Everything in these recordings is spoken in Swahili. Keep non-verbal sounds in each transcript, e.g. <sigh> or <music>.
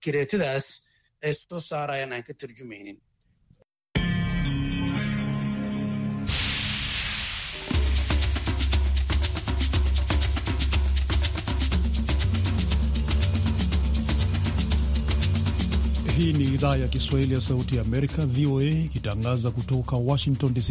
kireetadaas ay soo saarayaan aan ka tarjumaynin. Hii ni idhaa ya Kiswahili ya Sauti ya Amerika, VOA, ikitangaza kutoka Washington DC.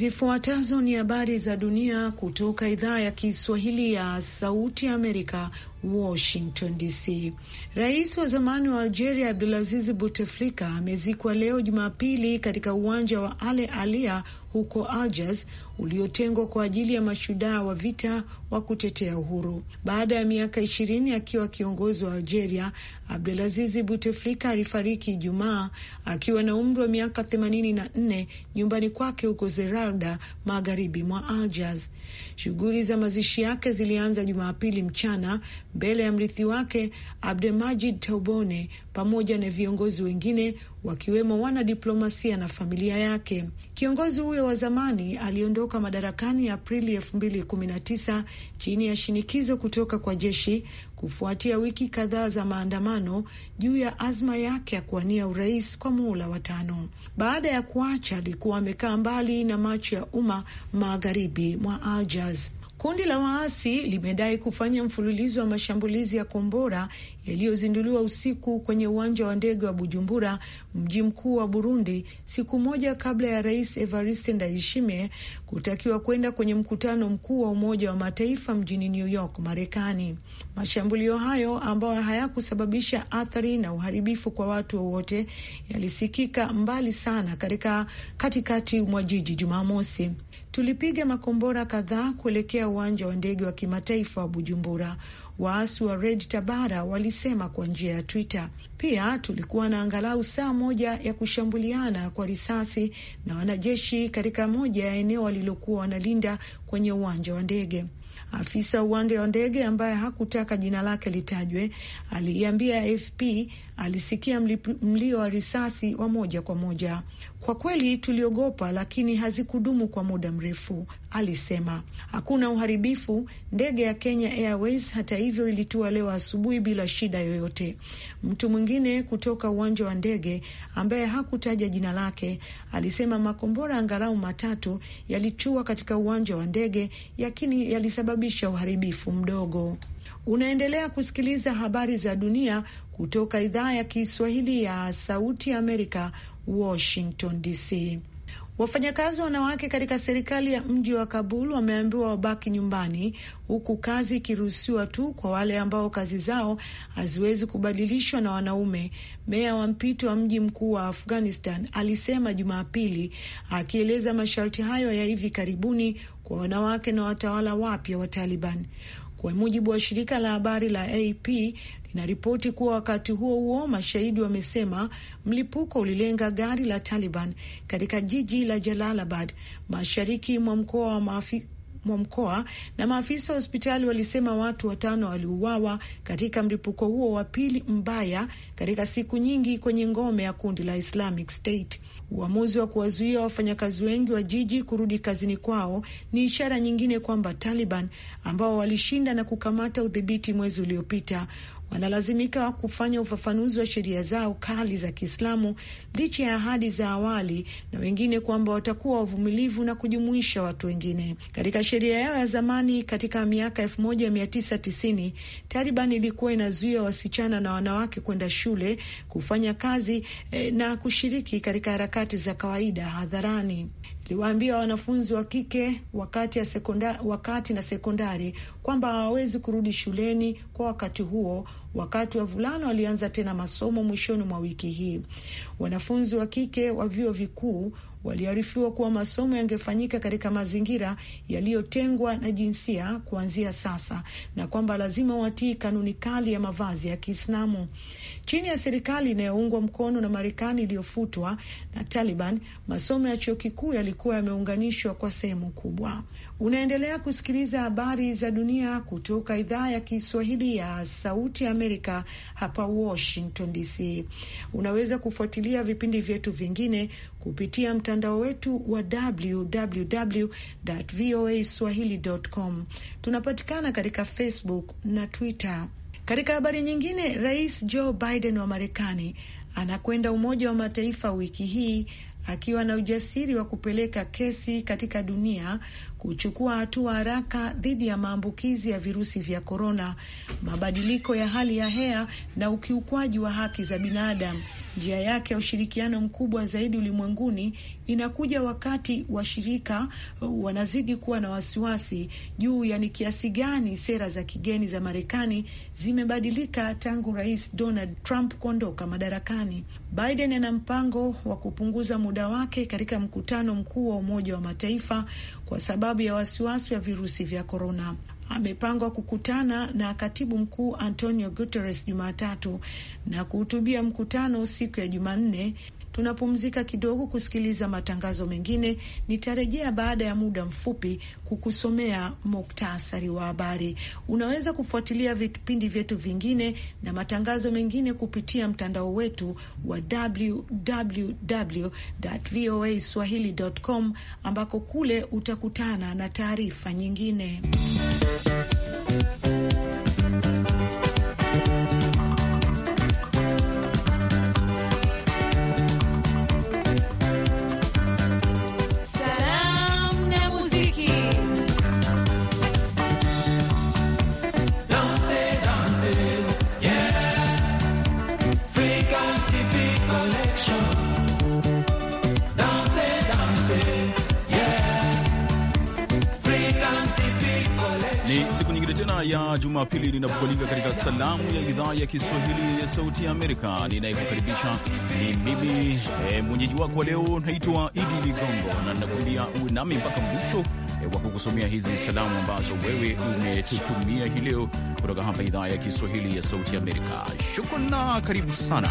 Zifuatazo ni habari za dunia kutoka idhaa ya Kiswahili ya Sauti ya Amerika, Washington DC. Rais wa zamani wa Algeria Abdulaziz Bouteflika amezikwa leo Jumapili katika uwanja wa Ale Alia huko Algiers, uliotengwa kwa ajili ya mashujaa wa vita wa kutetea uhuru. Baada ya miaka ishirini akiwa kiongozi wa Algeria, Abdulaziz Buteflika alifariki Ijumaa akiwa na umri wa miaka themanini na nne nyumbani kwake huko Zeralda, magharibi mwa Algiers. Shughuli za mazishi yake zilianza Jumapili mchana mbele ya mrithi wake Abdelmajid Taubone pamoja na viongozi wengine wakiwemo wanadiplomasia na familia yake. Kiongozi huyo wa zamani aliondoka aliondoka madarakani Aprili 2019 chini ya shinikizo kutoka kwa jeshi kufuatia wiki kadhaa za maandamano juu ya azma yake ya kuwania urais kwa muhula wa tano. Baada ya kuacha, alikuwa amekaa mbali na macho ya umma magharibi mwa Aljaz. Kundi la waasi limedai kufanya mfululizo wa mashambulizi ya kombora yaliyozinduliwa usiku kwenye uwanja wa ndege wa Bujumbura, mji mkuu wa Burundi, siku moja kabla ya Rais Evariste Ndayishimiye kutakiwa kwenda kwenye mkutano mkuu wa Umoja wa Mataifa mjini New York, Marekani. Mashambulio hayo ambayo hayakusababisha athari na uharibifu kwa watu wowote yalisikika mbali sana katika katikati mwa jiji Jumamosi. Tulipiga makombora kadhaa kuelekea uwanja wa ndege wa kimataifa wa Bujumbura, waasi wa Red Tabara walisema kwa njia ya Twitter. Pia tulikuwa na angalau saa moja ya kushambuliana kwa risasi na wanajeshi katika moja ya eneo walilokuwa wanalinda kwenye uwanja wa ndege. Afisa uwanja wa ndege ambaye hakutaka jina lake litajwe aliiambia AFP alisikia mlio wa risasi wa moja kwa moja. Kwa kweli tuliogopa, lakini hazikudumu kwa muda mrefu, alisema. Hakuna uharibifu. Ndege ya Kenya Airways hata hivyo ilitua leo asubuhi bila shida yoyote. Mtu mwingine kutoka uwanja wa ndege ambaye hakutaja jina lake alisema makombora angalau matatu yalichua katika uwanja wa ndege, lakini yalisababisha uharibifu mdogo. Unaendelea kusikiliza habari za dunia kutoka idhaa ya Kiswahili ya Sauti Amerika, Washington DC. Wafanyakazi wanawake katika serikali ya mji wa Kabul wameambiwa wabaki nyumbani, huku kazi ikiruhusiwa tu kwa wale ambao kazi zao haziwezi kubadilishwa na wanaume. Meya wa mpito wa mji mkuu wa Afghanistan alisema Jumapili, akieleza masharti hayo ya hivi karibuni kwa wanawake na watawala wapya wa Taliban. Kwa mujibu wa shirika la habari la AP linaripoti kuwa wakati huo huo, mashahidi wamesema mlipuko ulilenga gari la Taliban katika jiji la Jalalabad, mashariki mwa mkoa wa maafi mwa mkoa na maafisa wa hospitali walisema watu watano waliuawa katika mlipuko huo wa pili mbaya katika siku nyingi kwenye ngome ya kundi la Islamic State. Uamuzi wa kuwazuia wafanyakazi wengi wa jiji kurudi kazini kwao ni ishara nyingine kwamba Taliban ambao walishinda na kukamata udhibiti mwezi uliopita wanalazimika kufanya ufafanuzi wa sheria zao kali za Kiislamu licha ya ahadi za awali na wengine kwamba watakuwa wavumilivu na kujumuisha watu wengine. Katika sheria yao ya zamani katika miaka 1990 Taliban ilikuwa inazuia wasichana na wanawake kwenda shule, kufanya kazi eh, na kushiriki katika harakati za kawaida hadharani liwaambia wanafunzi wa kike wakati, ya wakati na sekondari kwamba hawawezi kurudi shuleni kwa wakati huo wakati wavulana walianza tena masomo mwishoni mwa wiki hii. Wanafunzi wa kike wa vyuo vikuu waliarifiwa kuwa masomo yangefanyika katika mazingira yaliyotengwa na jinsia kuanzia sasa na kwamba lazima watii kanuni kali ya mavazi ya Kiislamu. Chini ya serikali inayoungwa mkono na Marekani iliyofutwa na Taliban, masomo ya chuo kikuu yalikuwa yameunganishwa kwa sehemu kubwa. Unaendelea kusikiliza habari za dunia kutoka idhaa ya Kiswahili ya Sauti Amerika hapa Washington DC. Unaweza kufuatilia vipindi vyetu vingine kupitia mtandao wetu wa www voa swahili.com. Tunapatikana katika Facebook na Twitter. Katika habari nyingine, Rais Joe Biden wa Marekani anakwenda Umoja wa Mataifa wiki hii akiwa na ujasiri wa kupeleka kesi katika dunia kuchukua hatua haraka dhidi ya maambukizi ya virusi vya korona, mabadiliko ya hali ya hewa na ukiukwaji wa haki za binadamu. Njia yake ya ushirikiano mkubwa zaidi ulimwenguni inakuja wakati washirika uh, wanazidi kuwa na wasiwasi juu ya ni kiasi gani sera za kigeni za Marekani zimebadilika tangu Rais Donald Trump kuondoka madarakani. Biden ana mpango wa kupunguza muda wake katika mkutano mkuu wa Umoja wa Mataifa kwa sababu sababu ya wasiwasi wa virusi vya korona. Amepangwa kukutana na katibu mkuu Antonio Guterres Jumatatu na kuhutubia mkutano siku ya Jumanne Tunapumzika kidogo kusikiliza matangazo mengine. Nitarejea baada ya muda mfupi kukusomea muktasari wa habari. Unaweza kufuatilia vipindi vyetu vingine na matangazo mengine kupitia mtandao wetu wa www.voaswahili.com ambako kule utakutana na taarifa nyingine. ya Jumapili linapokualika katika salamu ya idhaa ya Kiswahili ya Sauti ya Amerika. Ninayekukaribisha ni mimi e, mwenyeji wako wa leo naitwa Idi Ligongo, na ninakuambia uwe nami mpaka mwisho e, wa kukusomea hizi salamu ambazo wewe umetutumia hii leo kutoka hapa idhaa ya Kiswahili ya Sauti ya Amerika. Shukran na karibu sana.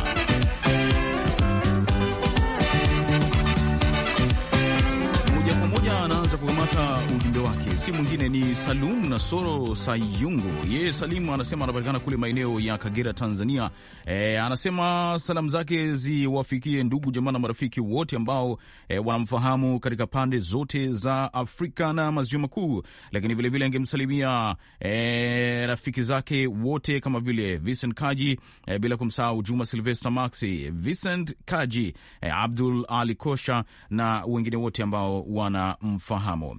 Kamata ujumbe wake si mwingine ni Salum na Soro Sayungu. Yeye Salimu anasema anapatikana kule maeneo ya Kagera, Tanzania. E, anasema salamu zake ziwafikie ndugu jamaa na marafiki wote ambao e, wanamfahamu katika pande zote za Afrika na maziwa makuu, lakini vilevile angemsalimia e, rafiki zake wote kama vile Vincent Kaji e, bila kumsahau Juma Silvester Maxi, Vincent Kaji e, Abdul Ali Kosha na wengine wote ambao wanamfahamu.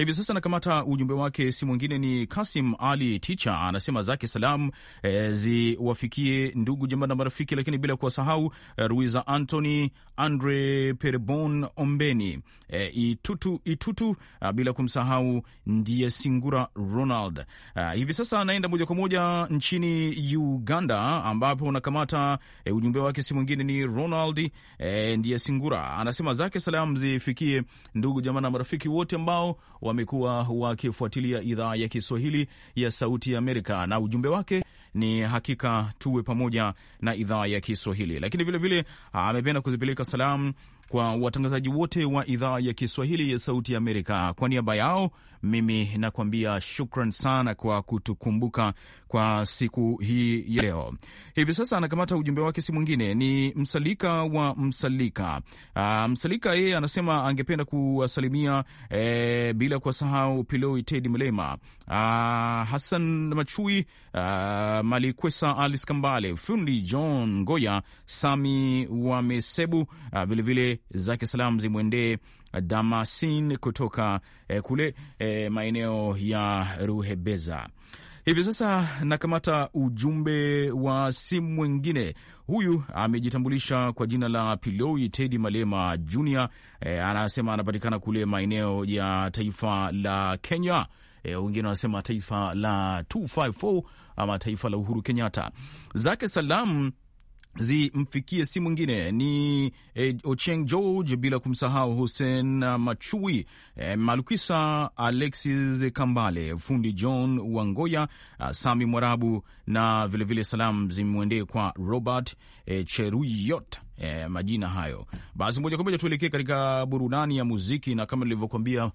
hivi sasa nakamata ujumbe wake, si mwingine ni Kasim Ali Ticha, anasema zake salam e, eh, ziwafikie ndugu jamaa na marafiki, lakini bila kuwasahau e, Ruiza Antony Andre Perebon, Ombeni e, Itutu, Itutu a, ah, bila kumsahau ndiye Singura Ronald. A, ah, hivi sasa anaenda moja kwa moja nchini Uganda ambapo nakamata e, ujumbe wake, si mwingine ni Ronald e, ndiye Singura, anasema zake salam zifikie ndugu jamaa na marafiki wote ambao wamekuwa wakifuatilia idhaa ya Kiswahili ya Sauti ya Amerika, na ujumbe wake ni hakika tuwe pamoja na idhaa ya Kiswahili. Lakini vilevile ah, amependa kuzipeleka salamu kwa watangazaji wote wa idhaa ya Kiswahili ya Sauti ya Amerika. Kwa niaba yao mimi nakuambia shukran sana kwa kutukumbuka kwa siku hii ya leo. Hivi sasa anakamata ujumbe wake, si mwingine ni Msalika wa Msalika. Uh, Msalika yeye anasema angependa kuwasalimia e, bila kuwasahau Piloi Ted Mlema, ah, Hassan Machui, uh, Malikwesa Alis Kambale, fundi John Ngoya, Sami Wamesebu, vilevile zake salam zimwendee Damasin kutoka eh, kule eh, maeneo ya Ruhebeza. Hivi sasa nakamata ujumbe wa simu mwingine. Huyu amejitambulisha kwa jina la Piloi Tedi Malema Junior. E, anasema anapatikana kule maeneo ya taifa la Kenya. E, wengine wanasema taifa la 254 ama taifa la Uhuru Kenyatta. Zake salamu zimfikie si mwingine ni e, Ocheng George, bila kumsahau Hussein Machui, e, eh, Malukisa Alexis Kambale, fundi John Wangoya, a, ah, Sami Mwarabu na vilevile, salamu zimwendee kwa Robert e, eh, Cheruyot eh, majina hayo. Basi moja kwa moja tuelekee katika burudani ya muziki, na kama nilivyokuambia, uh,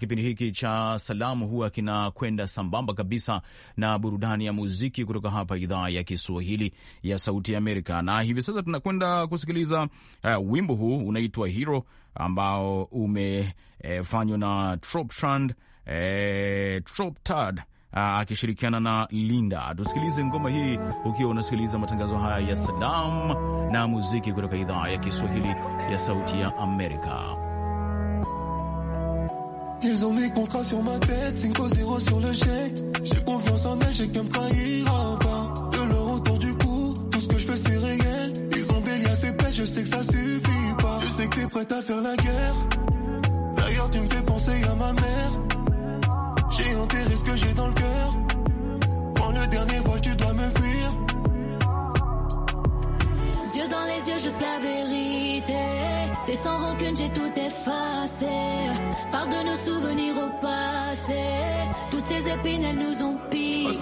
kipindi hiki cha salamu huwa kinakwenda sambamba kabisa na burudani ya muziki kutoka hapa idhaa ya Kiswahili ya Sauti ya Amerika, na hivi sasa tunakwenda kusikiliza uh, wimbo huu unaitwa Hero ambao umefanywa eh, na Troptrand eh, Troptard Ah, akishirikiana na Linda. Tusikilize ngoma hii ukiwa unasikiliza matangazo haya ya Salam na muziki kutoka idhaa ya Kiswahili ya Sauti ya Amerika. Ils ont mis contrat sur ma tête, 5-0 sur le chèque. J'ai confiance en elle, j'ai qu'à me trahira ah, pas. Ah, De leur autour du cou, tout ce que je fais c'est réel. Ils ont des liens assez pêches, je sais que ça suffit pas. Je sais que t'es prête à faire la guerre. D'ailleurs, tu me fais penser à ma mère que j'ai dans le cœur. Prends le dernier vol, tu dois me fuir. Yeux dans les yeux, jusqu'à la vérité. C'est sans rancune, j'ai tout effacé. Par de nos souvenirs au passé. Toutes ces épines, elles nous ont piqué.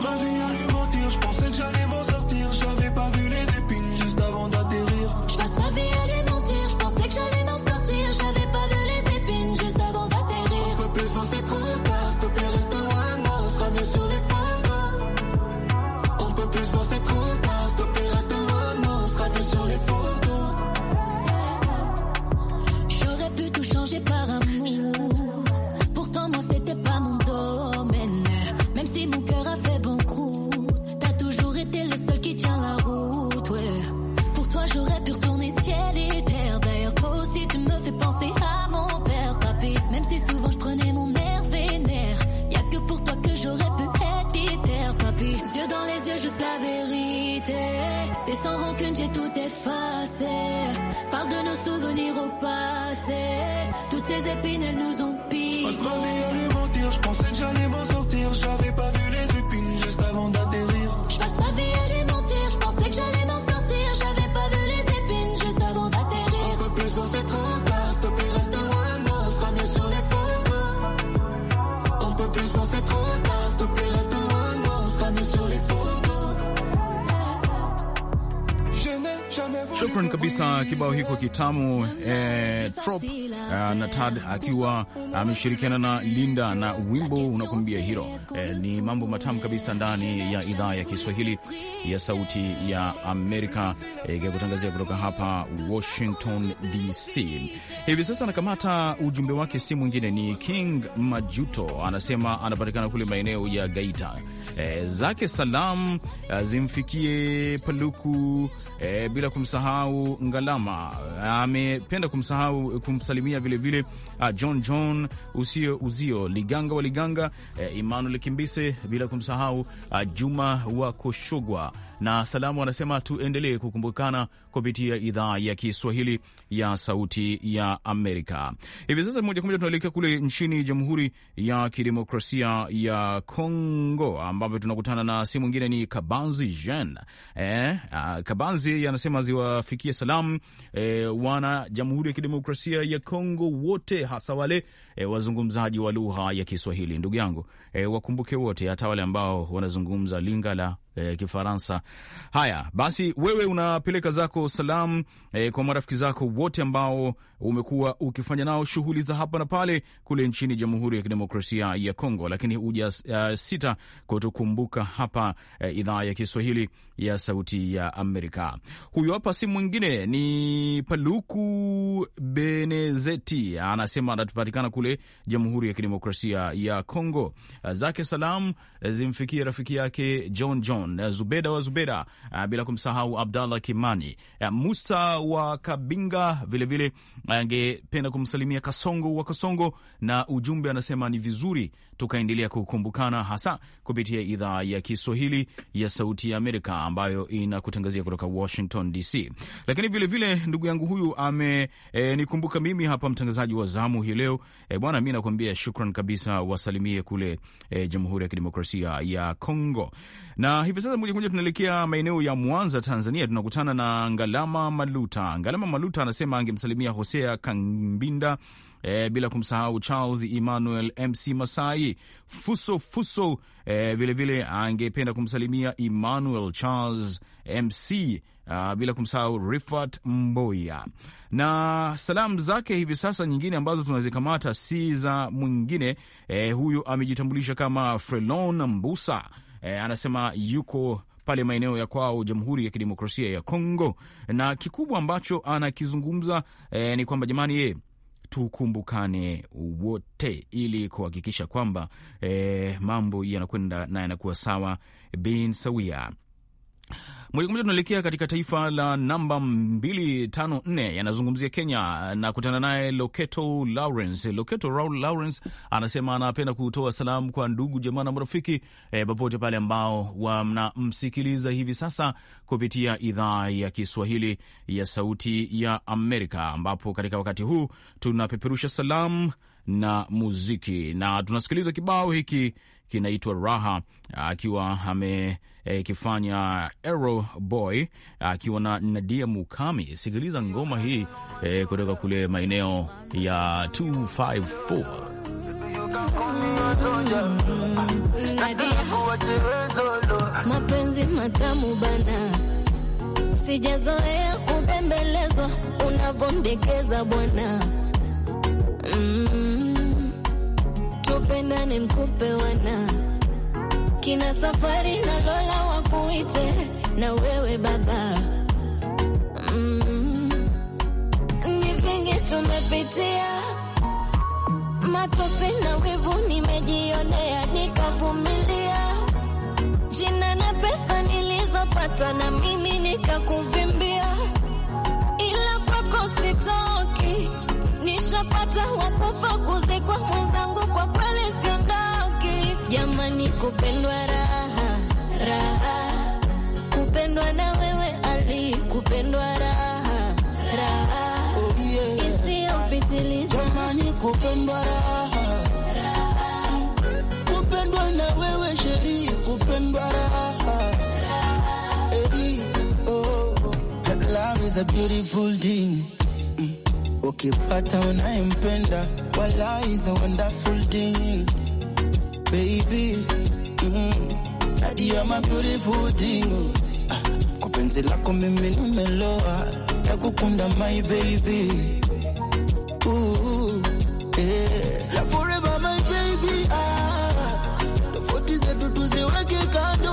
nos souvenirs au passé. Toutes ces épines, elles nous ont Shukran kabisa, kibao hiko kitamu eh, trop eh, na Tad akiwa ameshirikiana na Linda na wimbo unakuambia hilo eh, ni mambo matamu kabisa ndani ya idhaa ya Kiswahili ya Sauti ya Amerika eh, ikikutangazia eh, kutoka hapa Washington DC. Hivi sasa anakamata ujumbe wake, si mwingine ni King Majuto, anasema anapatikana kule maeneo ya Gaita. Eh, zake salam eh, zimfikie Paluku eh, bila kumsahau kumsahau Ngalama, amependa kumsahau kumsalimia vilevile vile, ah, John John usio uzio Liganga wa Liganga, eh, Emmanuel Kimbise, bila kumsahau ah, Juma wa Koshogwa na salamu anasema tuendelee kukumbukana kupitia idhaa ya Kiswahili ya Sauti ya Amerika. Hivi sasa moja kwa moja tunaelekea kule nchini Jamhuri ya Kidemokrasia ya Kongo, ambapo tunakutana na si mwingine ni Kabanzi Jean. Eh, ah, Kabanzi anasema ziwafikie salamu eh, wana Jamhuri ya Kidemokrasia ya Kongo wote, hasa wale e, wazungumzaji wa lugha ya Kiswahili. Ndugu yangu, e, wakumbuke wote, hata wale ambao wanazungumza Lingala e, Kifaransa. Haya basi, wewe unapeleka zako salamu e, kwa marafiki zako wote ambao umekuwa ukifanya nao shughuli za hapa na pale kule nchini Jamhuri ya Kidemokrasia ya Kongo, lakini huja uh, sita kutukumbuka hapa uh, idhaa ya Kiswahili ya Sauti ya Amerika. Huyu hapa si mwingine ni Paluku Benezeti, anasema anatupatikana kule kule Jamhuri ya Kidemokrasia ya Kongo. Zake salam zimfikie rafiki yake John John eh, Zubeda wa Zubeda, eh, bila kumsahau Abdallah Kimani eh, Musa wa Kabinga. Vilevile angependa kumsalimia Kasongo wa Kasongo, na ujumbe anasema ni vizuri tukaendelea kukumbukana, hasa kupitia idhaa ya Kiswahili ya Sauti ya Amerika ambayo inakutangazia kutoka Washington DC. Lakini vilevile vile, ndugu yangu huyu amenikumbuka e, mimi hapa mtangazaji wa zamu hii leo e, bwana, mi nakuambia shukran kabisa, wasalimie kule e, Jamhuri ya Kidemokrasia Demokrasia ya Kongo. Na hivi sasa moja kwa moja tunaelekea maeneo ya Mwanza, Tanzania. Tunakutana na Ngalama Maluta. Ngalama Maluta anasema angemsalimia Hosea Kambinda e, bila kumsahau Charles Emmanuel MC Masai Fuso Fuso. vilevile vile angependa kumsalimia Emmanuel Charles MC Uh, bila kumsahau Rifat Mboya na salamu zake hivi sasa. Nyingine ambazo tunazikamata si za mwingine eh, huyu amejitambulisha kama Frelon Mbusa eh, anasema yuko pale maeneo ya kwao Jamhuri ya Kidemokrasia ya Kongo, na kikubwa ambacho anakizungumza eh, ni kwamba jamani, ye tukumbukane wote ili kuhakikisha kwamba eh, mambo yanakwenda na yanakuwa sawa bin sawia. Moja kwa moja tunaelekea katika taifa la namba 254 yanazungumzia Kenya na kutana naye Loketo Lawrence. Loketo Lawrence anasema anapenda kutoa salamu kwa ndugu jamaa na marafiki eh, popote pale ambao wanamsikiliza hivi sasa kupitia idhaa ya Kiswahili ya Sauti ya Amerika, ambapo katika wakati huu tunapeperusha salamu na muziki na tunasikiliza kibao hiki kinaitwa Raha, akiwa amekifanya e, Ero Boy akiwa na Nadia Mukami. Sikiliza ngoma hii e, kutoka kule maeneo ya 254 mapenzi matamu bana, sijazoea kupembelezwa unavyondekeza bwana mm ni mkupe wana kina safari na Lola wakuite na wewe baba mm. Ni vingi tumepitia, matosi na wivu nimejionea, nikavumilia, jina na pesa nilizopata na mimi nikakuvimbia utapata wakufa kuzikwa, mwenzangu, kwa kweli siondoki. Jamani, kupendwa raha raha, kupendwa na wewe Ali, kupendwa raha raha isiyopitiliza. Jamani, kupendwa raha kupendwa na wewe Sheri, kupendwa raha raha. Hey, oh, love is a beautiful thing ukipata unayempenda, wala is a wonderful thing baby, mm, mm-hmm. nadia my beautiful thing ah, kwa penzi lako mimi nimeloa na kukunda my baby ooh, yeah. forever my baby ah, tofauti zetu tuziweke kando,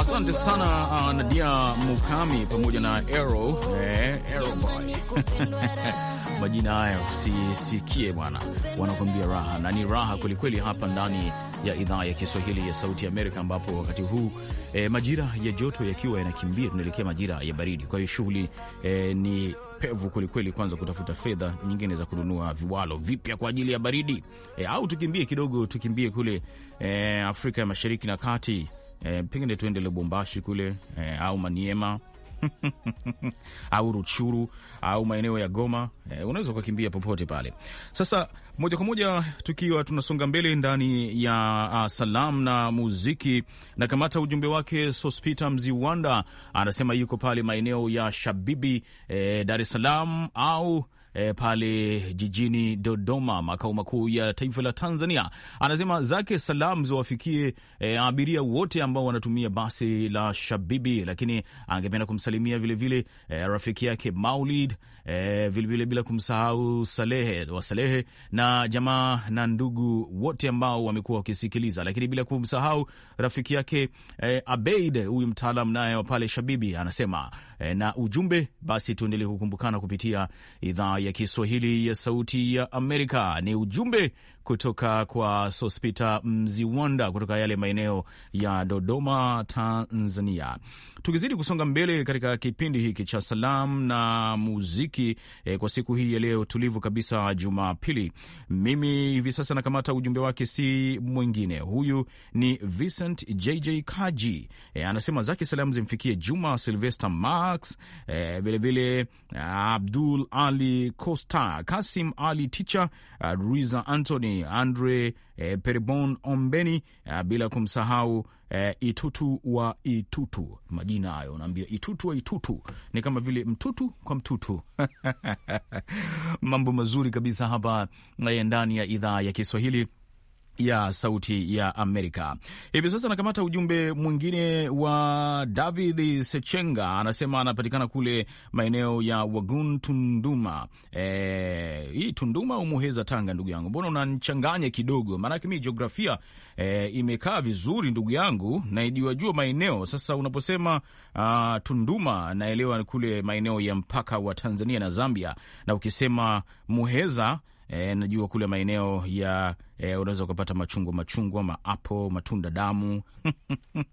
Asante sana uh, Nadia Mukami pamoja na Ero eh, Ero Boy <laughs> majina hayo sisikie bwana, wanakuambia raha na ni raha kwelikweli, hapa ndani ya idhaa ya Kiswahili ya Sauti ya Amerika, ambapo wakati huu eh, majira ya joto yakiwa yanakimbia tunaelekea majira ya baridi. Kwa hiyo shughuli eh, ni pevu kwelikweli, kwanza kutafuta fedha nyingine za kununua viwalo vipya kwa ajili ya baridi eh, au tukimbie kidogo, tukimbie kule eh, Afrika ya Mashariki na Kati e, pengine tuende Lubumbashi kule e, au Maniema <laughs> au ruchuru au maeneo ya Goma e, unaweza ukakimbia popote pale. Sasa moja kwa moja tukiwa tunasonga mbele ndani ya uh, ah, salam na muziki, na kamata ujumbe wake. Sospita Mziwanda anasema yuko pale maeneo ya Shabibi e, Dar es Salaam au e, pale jijini Dodoma, makao makuu ya taifa la Tanzania. Anasema zake salam ziwafikie e, abiria wote ambao wanatumia basi la Shabibi, lakini angependa kumsalimia vilevile vile, e, rafiki yake Maulid vilevile bila kumsahau Salehe wa Salehe na jamaa na ndugu wote ambao wamekuwa wakisikiliza, lakini bila kumsahau rafiki yake e, Abeid huyu mtaalam naye wa pale Shabibi anasema e, na ujumbe basi, tuendelee kukumbukana kupitia idhaa ya Kiswahili ya Sauti ya Amerika. Ni ujumbe kutoka kwa Sospita Mziwanda kutoka yale maeneo ya Dodoma, Tanzania. Tukizidi kusonga mbele katika kipindi hiki cha salamu na muziki eh, kwa siku hii ya leo tulivu kabisa Jumapili, mimi hivi sasa nakamata ujumbe wake, si mwingine huyu ni Vincent JJ Kaji. Eh, anasema zake salamu zimfikie Juma Silvester Max, eh, vilevile eh, Abdul Ali Costa, Kasim Ali Ticha, uh, eh, Ruiza Anthony Marekani Andre eh, Peribon Ombeni eh, bila kumsahau e, Itutu wa Itutu. Majina hayo unaambia Itutu wa Itutu ni kama vile mtutu kwa mtutu <laughs> mambo mazuri kabisa hapa eh, ndani ya idhaa ya Kiswahili ya Sauti ya Amerika. Hivi sasa anakamata ujumbe mwingine wa David Sechenga, anasema anapatikana kule maeneo ya Wagun Tunduma. E, hii Tunduma Umuheza Tanga? Ndugu yangu, mbona unanichanganya kidogo? Maanake mi jiografia e, imekaa vizuri ndugu yangu, naijiwajua maeneo. Sasa unaposema a, Tunduma naelewa kule maeneo ya mpaka wa Tanzania na Zambia, na ukisema Muheza e, najua kule maeneo ya e, unaweza ukapata machungwa machungwa, maapo, matunda damu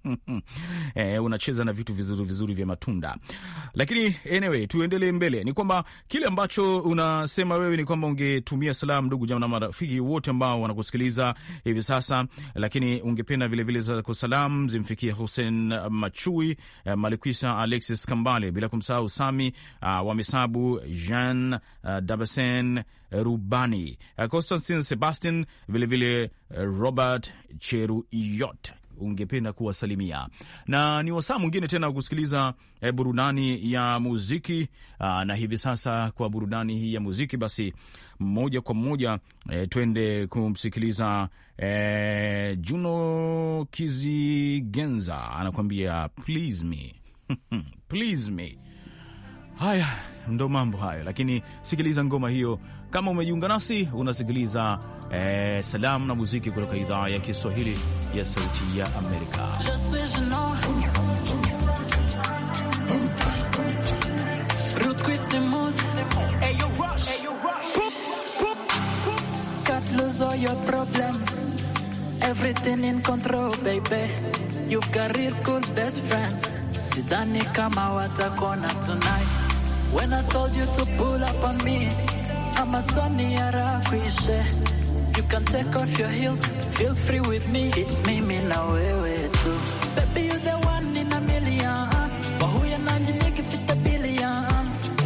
<laughs> e, unacheza na vitu vizuri vizuri vya matunda. Lakini anyway, tuendelee mbele, ni kwamba kile ambacho unasema wewe ni kwamba ungetumia salamu ndugu jamaa na marafiki wote ambao wanakusikiliza hivi sasa, lakini ungependa vilevile za salamu zimfikie Hussein Machui, eh, Malikwisa Alexis Kambale, bila kumsahau Sami ah, wa Misabu Jean uh, Dabasen Rubani, uh, ah, Constantin Sebastian vilevile eh, Robert Cheruiyot ungependa kuwasalimia na ni wasaa mwingine tena kusikiliza e, burudani ya muziki aa. Ah, na hivi sasa kwa burudani hii ya muziki, basi moja kwa moja e, twende kumsikiliza e, Juno Kizigenza anakuambia please me <laughs> please me. Haya ndo mambo hayo, lakini sikiliza ngoma hiyo. Kama umejiunga nasi, unasikiliza eh, salamu na muziki kutoka idhaa ya Kiswahili ya Sauti ya Amerika. Sidhani kama watakona tonight when I told you to pull up on me Amazon yarakwishe. You can take off your heels, feel free with me. It's mimi na wewe tu. Baby, you the one in a million. Wahuya nanji nikifita billion.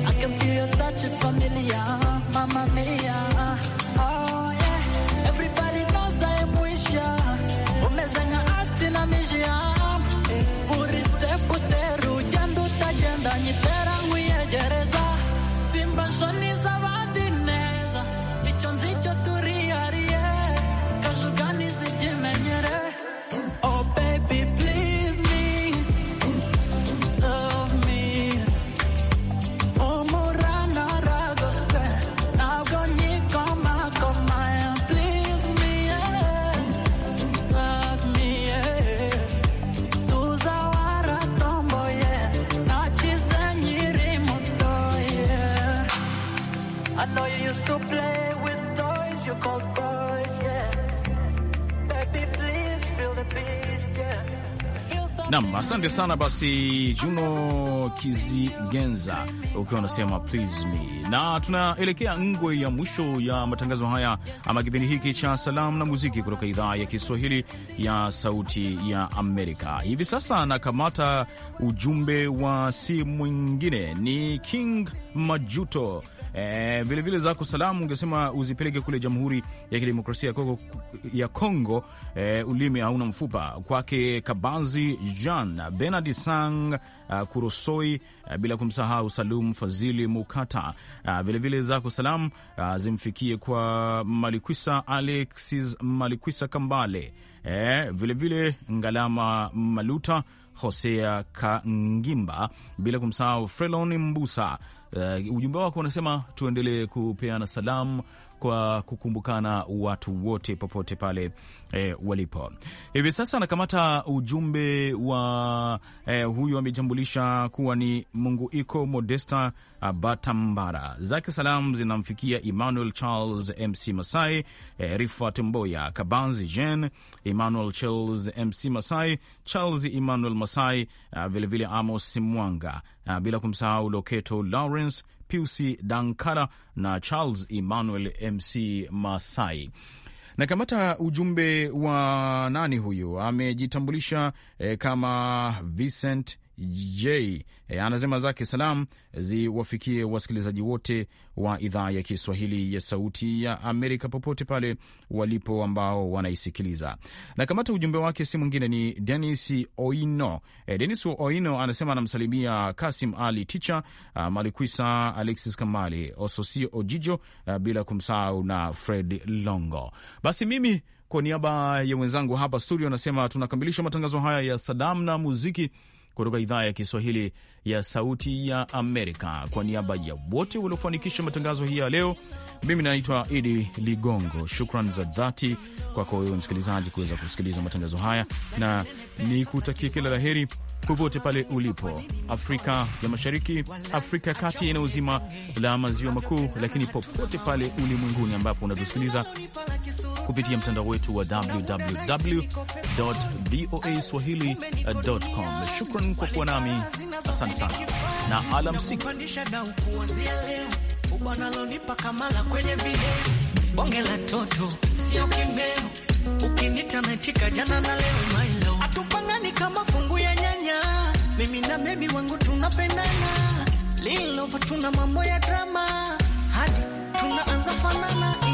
I can feel your touch, it's familiar. Mama mia. Nam, asante sana basi, Juno Kizigenza ukiwa unasema please me, na tunaelekea ngwe ya mwisho ya matangazo haya ama kipindi hiki cha salamu na muziki kutoka idhaa ya Kiswahili ya Sauti ya Amerika. Hivi sasa nakamata ujumbe wa si mwingine ni King Majuto. Vilevile vilevile zako salamu ungesema uzipeleke kule Jamhuri ya Kidemokrasia ya Kongo, ya Kongo e, ulimi hauna mfupa kwake Kabanzi Jan, Benard Sang uh, Kurosoi, uh, bila kumsahau Salum Fazili Mukata. Uh, vilevile zako salamu uh, zimfikie kwa Malikwisa Alexis Malikwisa Kambale, eh, vilevile Ngalama Maluta, Hosea Kangimba, bila kumsahau Frelon Mbusa. Uh, ujumbe wako unasema tuendelee kupeana salamu kwa kukumbukana watu wote popote pale e, walipo hivi sasa. Anakamata ujumbe wa e, huyu amejitambulisha kuwa ni mungu iko Modesta Batambara, zake salam zinamfikia Emmanuel Charles Mc Masai, e, Rifat Mboya Kabanzi, Jen Emmanuel Charles Mc Masai, Charles Emmanuel Masai, vilevile vile Amos Mwanga, bila kumsahau Loketo Lawrence Pius Dankala na Charles Emmanuel MC Masai. Na kamata ujumbe wa nani huyu amejitambulisha eh, kama Vincent J e, anasema zake salam ziwafikie wasikilizaji wote wa idhaa ya Kiswahili ya Sauti ya Amerika popote pale walipo ambao wanaisikiliza. Na kamata ujumbe wake si mwingine ni Denis Oino. E, eh, Denis Oino anasema anamsalimia Kasim Ali Ticha, ah, Malikwisa Alexis Kamali, Ososio Ojijo, ah, bila kumsahau na Fred Longo. Basi mimi kwa niaba ya wenzangu hapa studio anasema tunakamilisha matangazo haya ya Sadam na muziki kutoka idhaa ya Kiswahili ya Sauti ya Amerika. Kwa niaba ya wote waliofanikisha matangazo hii ya leo, mimi naitwa Idi Ligongo. Shukran za dhati kwako wewe msikilizaji kuweza kusikiliza matangazo haya, na kutakia kila la heri popote pale ulipo Afrika ya Mashariki, Afrika ya Kati, eneo zima la maziwa makuu, lakini popote pale ulimwenguni ambapo unatusikiliza kupitia mtandao wetu wa www voa swahili Shukran kwa kuwa nami, asante sana na alamsiki. Bonge la toto sio kimbeo, ukinita naitika jana na leo mailo, atupangani kama fungu ya Kenya, Mimi na bebi wangu tunapendana, lilova tuna mambo ya drama hadi tunaanza fanana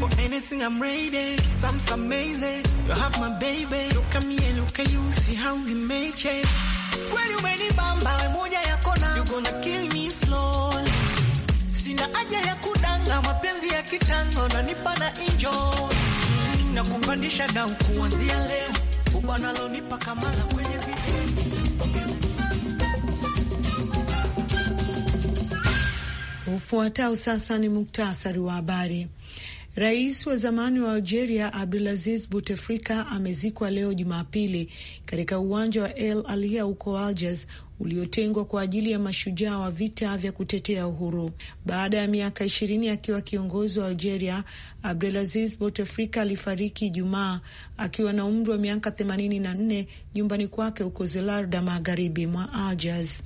For anything I'm ready, Sam's amazing. You have my baby, look at me and look at you, see how we made it. Kweli umenibamba, moja ya kona. you gonna kill me slowly. Sina aja ya kudanga, mapenzi ya kitango na nipa na enjoy. Na kupandisha dau kuanzia leo, Ubana lo nipa kamala kwenye video. Ufuatao sasa ni muktasari wa habari. Rais wa zamani wa Algeria Abdulaziz Bouteflika amezikwa leo Jumapili katika uwanja wa El Alia huko Algiers uliotengwa kwa ajili ya mashujaa wa vita vya kutetea uhuru. Baada ya miaka ishirini akiwa kiongozi wa Algeria, Abdulaziz Bouteflika alifariki Ijumaa akiwa na umri wa miaka themanini na nne nyumbani kwake huko Zelarda, magharibi mwa Algiers.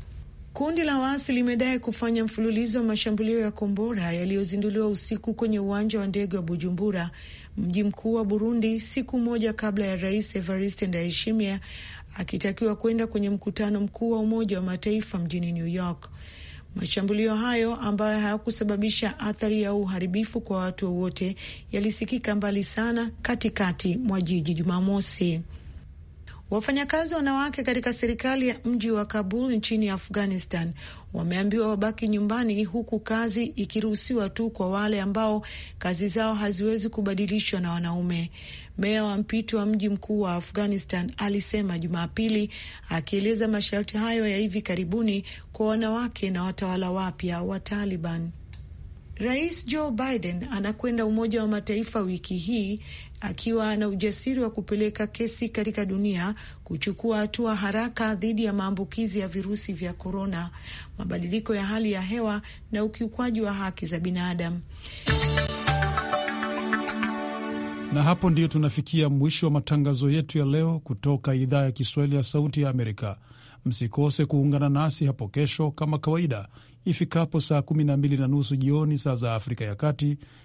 Kundi la waasi limedai kufanya mfululizo wa mashambulio ya kombora yaliyozinduliwa usiku kwenye uwanja wa ndege wa Bujumbura, mji mkuu wa Burundi, siku moja kabla ya Rais Evariste Ndayishimiye akitakiwa kwenda kwenye mkutano mkuu wa Umoja wa Mataifa mjini New York. Mashambulio hayo ambayo hayakusababisha athari au uharibifu kwa watu wowote yalisikika mbali sana katikati mwa jiji Jumamosi. Wafanyakazi wanawake katika serikali ya mji wa Kabul nchini Afghanistan wameambiwa wabaki nyumbani, huku kazi ikiruhusiwa tu kwa wale ambao kazi zao haziwezi kubadilishwa na wanaume. Meya wa mpito wa mji mkuu wa Afghanistan alisema Jumapili, akieleza masharti hayo ya hivi karibuni kwa wanawake na watawala wapya wa Taliban. Rais Joe Biden anakwenda Umoja wa Mataifa wiki hii akiwa na ujasiri wa kupeleka kesi katika dunia kuchukua hatua haraka dhidi ya maambukizi ya virusi vya korona, mabadiliko ya hali ya hewa na ukiukwaji wa haki za binadamu. Na hapo ndiyo tunafikia mwisho wa matangazo yetu ya leo kutoka idhaa ya Kiswahili ya Sauti ya Amerika. Msikose kuungana nasi hapo kesho kama kawaida ifikapo saa 12 na nusu jioni saa za Afrika ya Kati